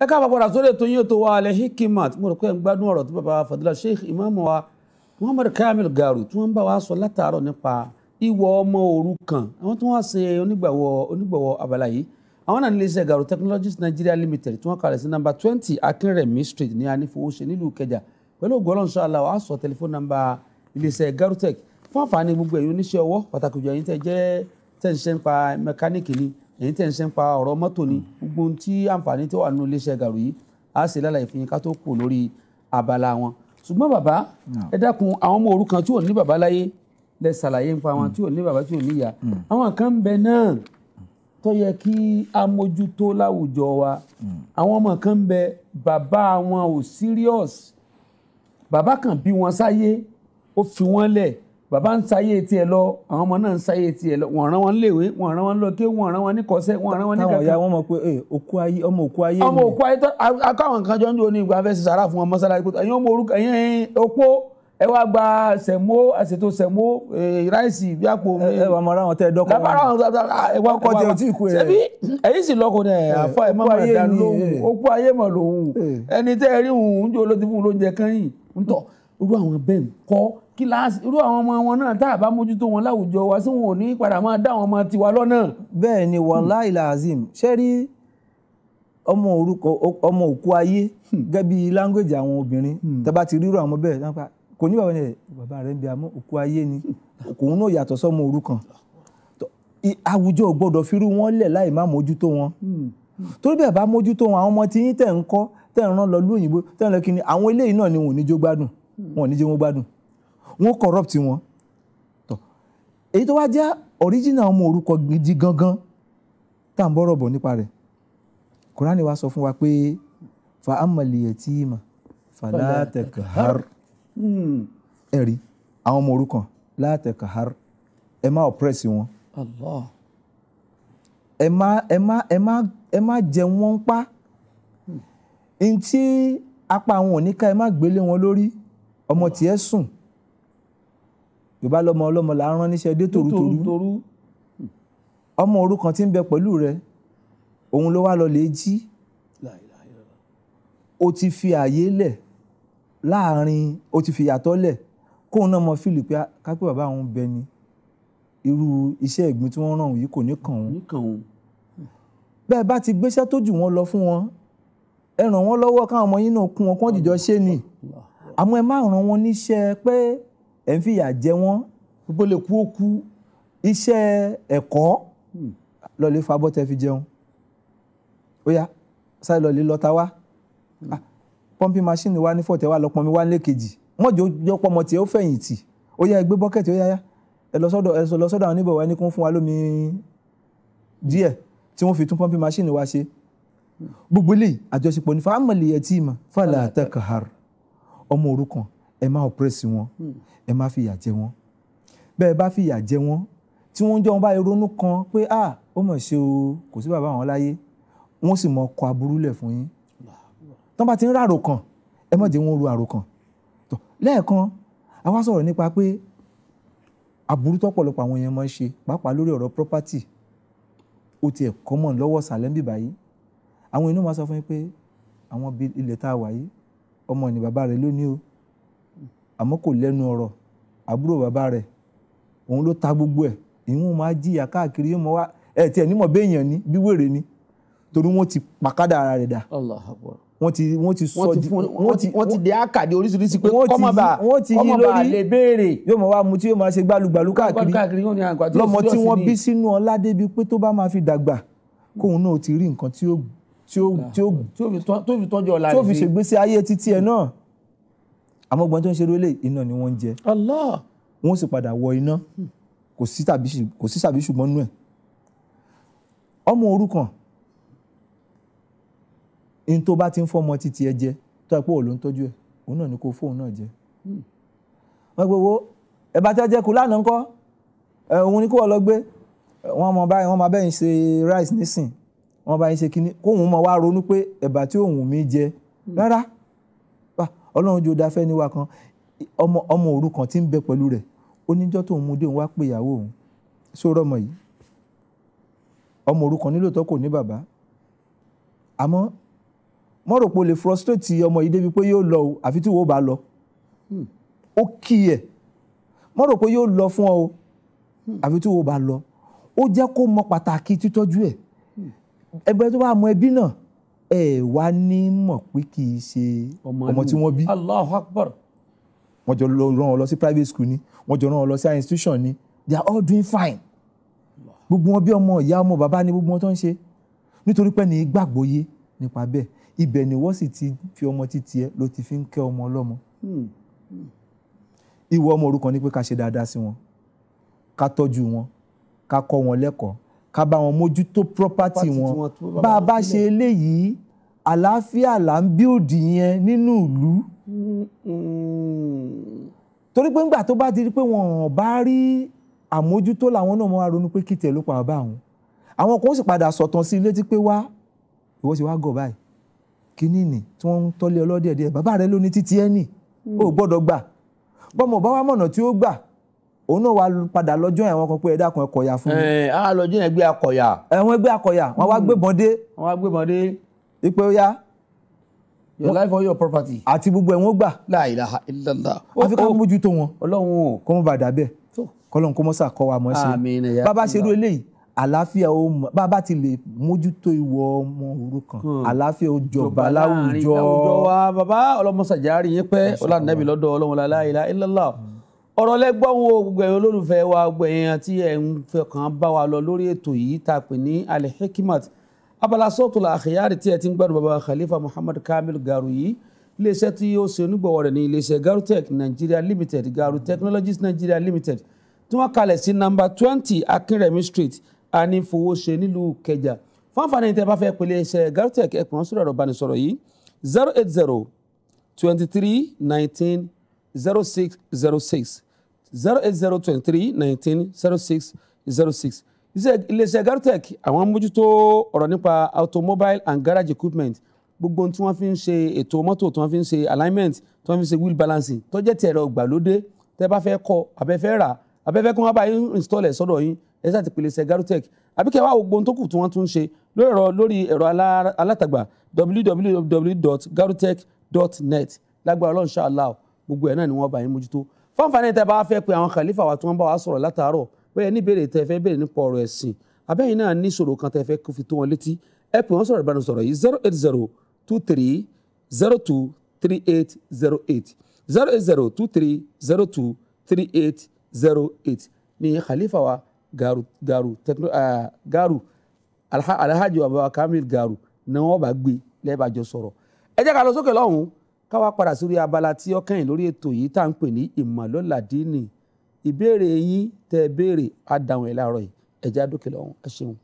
ẹ káàbọ̀ padà sórí ètò yín ètò wa Al-Hikmat mo rò pé ń gbádùn ọ̀rọ̀ tí bàbá fadila sheikh imaamu wa muhammad kamil garu tí wọ́n bá wa sọ látàárọ̀ nípa ìwọ ọmọ òrukàn àwọn tí wọ́n ṣe onígbàwọ̀ onígbàwọ̀ abala yìí àwọn náà nílé iṣẹ́ garu technologies nigeria limited tí wọ́n kalẹ̀ sí nọ́mbà twenty akínrẹ̀mí street ní anífowóṣe nílùú kẹjà pẹ̀lú ògbọ́lọ́ inshallah wa sọ tẹlifóònù nọ́mbà ilé iṣẹ́ garu tech fún àǹfààní gbogbo ẹ̀yin oníṣẹ́ ọwọ́ pàtàkì jù ẹ̀yin tẹ́ jẹ́ tẹ́ ń ṣe nípa mẹkáníìkì ni èyí tẹ̀ ń sẹ́ ń pa ọ̀rọ̀ mọ́tò ni hmm. gbogbo ohun tí àǹfààní tó wà nínú iléeṣẹ́ gàrú yìí á sì lálàyé fún yín ká tó kù lórí abala wọn ṣùgbọ́n bàbá hmm. ẹ dákun àwọn ọmọ òrukàn tí ò ní bàbá láyé lẹ ṣàlàyé nípa àwọn hmm. tí ò ní bàbá tí ò ní ìyá àwọn kan ń bẹ náà tó yẹ kí a mójútó láwùjọ wa àwọn ọmọ kan ń bẹ bàbá wọn ò serious bàbá kan bí wọn sáyé ó fi wọn lẹ̀ bàbá ń sayé tiẹ̀ lọ àwọn ọmọ náà ń sayé tiẹ̀ lọ wọ́n rán wọn léwé wọ́n rán wọn lọ kí wọ́n rán wọn ní kọ́sẹ́ wọ́n rán wọn ní kankan. táwọn ya wọn mọ pé òkú ayé ọmọ òkú ayé ni. ọmọ òkú ayé tó akáwọn nǹkan jọ ń jò ní ìgbà fẹ́ sara fún wọn mọ́sálásí pé ẹ̀yin ọmọ orúkọ ẹ̀yin opó ẹ wá gba sẹ̀mó àṣètò sẹ̀mó e, ráìsì bí àpò. ẹ wà mọ́ra wọn tẹ́ dọ́kọ̀ wọn. lábára àwọn bẹ́ẹ̀ kíláàsì irú àwọn ọmọ wọn náà tá a bá mójútó wọn láwùjọ wa sí wọn ò ní padà máa dá àwọn ọmọ tiwa lọ́nà. bẹ́ẹ̀ ni wàláì làzim ṣé rí ọmọ orúkọ ọmọ òkú ayé gẹ́gẹ́ bí language àwọn obìnrin hmm. tẹ́ bá ti rírọ àwọn bẹ́ẹ̀ náà kò ní bàbá rẹ̀ bàbá rẹ̀ ń bi àmọ́ òkú ayé ni òkùn náà yàtọ̀ sọ́mọ òrukàn àwùjọ gbọ́dọ̀ firú wọn lẹ̀ láì má mójútó wọn hmm. torí bẹ́ẹ̀ bá mójútó wọn àwọn ọmọ tí yín tẹ̀ ń kọ́ tẹ̀ ń rán lọ lóyìnbó tẹ̀ ń lọ kí ni àwọn eléyìí náà ni wọn ò ní jó gbádùn wọn ò ní jó wọn gbádùn wọ́n corrupt wọn tọ́ èyí tó wá jẹ́ original ọmọ orúkọ gidi gangan tá à ń bọ̀rọ̀ bọ̀ nípa rẹ̀ kúránì wa sọ fún wa pé fa amaliye tí ma fàlà tẹkahar hmm. ẹ̀rí àwọn ọmọ orúkọ látẹkahar ẹ má oppress wọn ẹ má ẹ má ẹ má ẹ má jẹ wọ́n ń pa ntí hmm. apá àwọn òníkà ẹ má gbélé wọn lórí ọmọ tiẹ̀ sùn yorùbá lọmọ ọlọmọ là ń rán níṣẹ́ dé toru ọmọ òrukàn tí ń bẹ pẹ̀lú rẹ òun ló wá lọ lè jí o ti fi àyè lẹ̀ láàrin o ti fi yàtọ̀ lẹ̀ kóun náà mọ fíìlì pé kápẹ́ bàbá òun bẹ ni irú iṣẹ́ ìgbín tí wọ́n ràn yìí kò ní kàn òun bẹ́ẹ̀ bá ti gbéṣẹ́ tó jù wọ́n lọ fún wọn ẹ ràn wọ́n lọ́wọ́ káwọn ọmọ yín náà kún wọn kí wọ́n jìjọ ṣe ni àmọ́ ẹ má ràn wọ́n níṣẹ́ pé ẹ̀ ń fìyà jẹ wọ́n gbogbo lè kú ó kú iṣẹ́ ẹ̀kọ́ hmm. lọ́ọ̀lẹ́ fabọ́ tẹ fi jẹun ó yá sáré lọ́ọ̀lẹ́ lọ́ta wá hmm. ah, pọ́ńpì máṣíìnì wa ní fọ̀tẹ́ wa lọ pọnmi wá lẹ́ẹ̀kejì wọ́n jọ jọ pọmọ tiẹ̀ ó fẹ̀yìntì ó yá ẹ gbé bọ́kẹ́tì ó yá yá ẹ lọ sọ́dọ̀ ẹ lọ sọ́dọ̀ àwọn oníbọ̀ wa ẹni kún fún wa lómi díẹ̀ tí wọ́n fi tún pọ́ńpì máṣíìnì wa ṣe hmm. gbogbo eléyìí àjọṣepọ̀ ní fámìlì ẹ̀ tí fàlà àtẹkàhàr ọmọ òrukàn ẹ má ọ̀pẹ́rẹ́sì wọn hmm. ẹ má fìyà jẹ wọn bẹ́ẹ̀ bá fìyà jẹ wọn tí wọ́n jọ wọn bá ronú kan pé à ó mọ̀ ṣe o kò sí bàbá wọn láyé wọ́n sì mọ ọkọ̀ aburú lẹ̀ fún yín tọ́n bá ti ń rárò kàn ẹ má jẹ́ wọn ru àrò kàn tó lẹ́ẹ̀kan a wá sọ̀rọ̀ nípa pé aburú tọ́pọ̀lọpọ̀ àwọn èèyàn máa ń ṣe pàápàá lórí ọ̀rọ̀ property ó tiẹ̀ common lọ́wọ́ sàlẹ́ńbì báyìí àwọn inú máa sọ fún yín pé àwọn ilẹ̀ tá a wà yìí ọmọ ní bàbá rẹ̀ lónìí o àmọ́ kò lẹ́nu ọ̀rọ̀ àbúrò bàbá rẹ̀ òun ló ta gbogbo ẹ̀ ìwọ̀n máa jìyà káàkiri yóò mọ wá ẹ̀ tiẹ̀ nímọ̀ béèyàn ni bí wèrè ni torí wọ́n ti pàkádà ara rẹ̀ dà. Allahu wọ́n ti wọ́n ti sọ di wọ́n ti wọ́n ti di àkàdé oríṣiríṣi pé kọ́mọba kọ́mọba lè béèrè. yóò mọ wá mu tí yóò máa ṣe gbálùgbàlù káàkiri lọ́mọ tí wọ́n bí sínú ọlá débi pé tó bá máa fi dàgbà kóun náà ti rí nǹkan tí ó tí ó tí ó tó fi tọ́jú ọ̀la rẹ̀ sí tó fi ṣègbésí ayé títí ẹ̀ náà amọ́gbọ́n tó ń ṣerú eléyìí iná ni wọ́n ń jẹ Allah wọ́n sì padà wọ iná kò sí tàbí ṣùgbọ́n nú ẹ̀ ọmọ òrukàn in tó bá ti ń fọmọ títí ẹ jẹ tó ẹ pé òun ló ń tọ́jú ẹ òun náà ni kò fóun náà jẹ hmm. wọ́n pe wo ẹ bá tẹ́ jẹ kú lánàá ńkọ́ òun ni kó wọ́n lọ gbé wọ́n mọ báyìí wọ́n máa bẹ́yìn ṣe rice nísìn wọ́n bá yín ṣe kínní kóun mọ wá ronú pé ẹ̀bà tí òun mi jẹ hmm. rárá. Mm ọlọ́run jò dáfẹ́ níwá kan ọmọ ọmọ òrukàn tí ń bẹ pẹ̀lú rẹ̀ oníjọ́ tó ń mú dé òun wá pé ìyàwó òun sórọ́ ọmọ yìí ọmọ òrukàn nílò tó kò ní bàbá àmọ́ mọ́ rò pé o lè frustrate ọmọ yìí débi pé yóò lọ o àfi tí wo bá lọ hmm. ó kì í ẹ̀ mọ́ yóò lọ fún ọ o hmm. àfi tí wo bá lọ ó jẹ́ kó mọ pàtàkì títọ́jú ẹ̀ hmm. ẹgbẹ́ tó bá mọ ẹbí náà ẹ wá ní mọ̀ pé kì í ṣe ọmọ tí wọ́n bí. Allahu Akbar. wọ́n jọ rán ọ lọ sí private school ni wọ́n jọ rán ọ lọ sí institution ni they are all doing fine. gbogbo wọn bí ọmọ ìyá ọmọ bàbá ni gbogbo wọn tó ń ṣe nítorí pé ní gbàgbọ́ yé nípa bẹ́ẹ̀ ibẹ̀ ni wọ́n sì ti fi ọmọ títí ẹ ló ti fi ń kẹ́ ọmọ ọlọ́mọ. Hmm, hmm. ìwọ ọmọ òrukàn ni pé ká ṣe dáadáa sí wọn ká tọ́jú wọn ká kọ́ wọn lẹ́kọ̀ọ́ ká bá wọn mójútó property wọn bá a bá ṣe eléyìí àlàáfíà là ń bíòdì yẹn nínú ìlú. torí pé ńgbà tó bá ti rí pé wọn ò bá rí àmójútó làwọn náà máa ronú pé kí tẹ̀ ló pa bá àwọn àwọn kan ó sì padà sọ̀tàn sí létí pé wá ìwọ sì wá gọ̀ báyìí kíní nì tí wọ́n ń tọ́lé ọlọ́dẹ̀ẹ́dẹ́ bàbá rẹ ló ní títí ẹ̀ nì ó mm. gbọ́dọ̀ gbà bọ́mọ̀ bá wà mọ̀nà tí ó gbà òun náà wá padà lọ́jọ́ ẹ̀wọ̀n kan pé ẹ dákun ẹ kọ̀yà fún mi. ẹ á lọ́jọ́ ẹgbẹ́ akọ̀yà. ẹ̀wọ̀n ẹgbẹ́ akọ̀yà wọ́n wá gbébọn hmm. dé. wọ́n wá gbébọn dé. ipe ó yá. your life or your property. àti gbogbo ẹ̀wọ̀n gbà. la ilaha illallah. àfi ká oh, oh. mójútó wọn. ọlọ́run o. kó mọ̀ bàdà bẹ́ẹ̀. kọ́lọ́n kó mọ̀ sà kọ́ wa mọ̀ ṣe. àmín ya. bàbá ṣe irú eléyìí àlàáfíà ó mọ bàbá ti lè mójútó ìwọ ọmọ òrukàn hmm. àlàáfíà ó jọba láwùjọ. jọba láwùjọ wa bàbá ọlọmọsàjà rí yín pẹ́ ọlànàbí lọ́dọ̀ ọlọ́run la ilaha illallah ọ̀rọ̀ lẹ́gbọ́n wo gbogbo ẹ̀yin olólùfẹ́ wa gbogbo ẹ̀yin àti ẹ̀yin fẹ̀kàn bá wa lọ lórí ètò yìí tá a pè ní Al-Hikmat abala Sawtul Akhyar tí ẹ ti ń gbádùn baba Khalifa Muhammad Kamil Garu yìí iléeṣẹ́ tí ó ṣe onígbọ̀wọ́ rẹ̀ ní iléeṣẹ́ Garutech Nigeria Limited Garu Technologies Nigeria Limited tí wọ́n kalẹ̀ sí nọ́mbà twenty Akínrẹ̀mí Street anífowóṣe nílùú Kẹjà fáfáni tẹ́ bá fẹ́ pèlè iṣẹ́ Garutech ẹ̀pọ̀n sórí ọ̀rọ̀ ìbánisọ̀rọ̀ yìí zero eight zero twenty three nineteen zero six zero six zero eight zero twenty three nineteen zero six zero six iléeṣẹ́ àwọn mójútó ọ̀rọ̀ nípa automobile and garage equipment gbogbo tí wọ́n fi ń ṣe ètò mọ́tò tí wọ́n fi ń ṣe alignment tí wọ́n fi ń ṣe wheel balancing tó jẹ́ tẹ̀rọ gbàlódé tẹ́ bá fẹ́ kọ́ abẹ́fẹ́ rà abẹ́fẹ́ kí wọ́n bá yín install ẹ̀ sọ́dọ̀ yín ẹ̀ sáà ti pèlè ṣe garotech àbí kẹwàá gbogbo tó kù tí wọ́n tún ń ṣe lórí ẹ̀rọ lórí ẹ̀rọ alátagbà www.garotech.net lágbára ọlọ́run ṣáà láò gbogbo ẹ̀ náà ni wọ́n bá yín mójútó fáǹfààní tẹ bá fẹ́ pe àwọn kàlífà wa tí wọ́n bá wa sọ̀rọ̀ látàárọ̀ bẹ́ẹ̀ ní béèrè tẹ fẹ́ béèrè nípa ọ̀rọ̀ ẹ̀sìn abẹ́yìn náà ní ìṣòro kan tẹ fẹ́ fi tó wọn létí ẹ pè wọ́n sọ̀rọ̀ ìbánisọ̀rọ̀ yìí zero eight zero two three zero two three eight zero eight zero eight zero two three zero two three eight zero eight ní kàlífà wa garu garu techno uh, garu alhaji wa baba kamil garu ni wọ́n bá gbé lẹ́ẹ̀bàjọ sọ̀rọ̀ ẹ jẹ́ ká lọ sókè lọ́hùn-ún káwá padà sórí abala tí ó kẹ́yìn lórí ètò yìí tá à ń pè ní ìmọ̀lọ́ládínì ìbéèrè yín tẹ́ béèrè á dáhùn ẹ̀ láàárọ̀ yìí ẹ̀já dókè lọ́hùn ẹ ṣeun.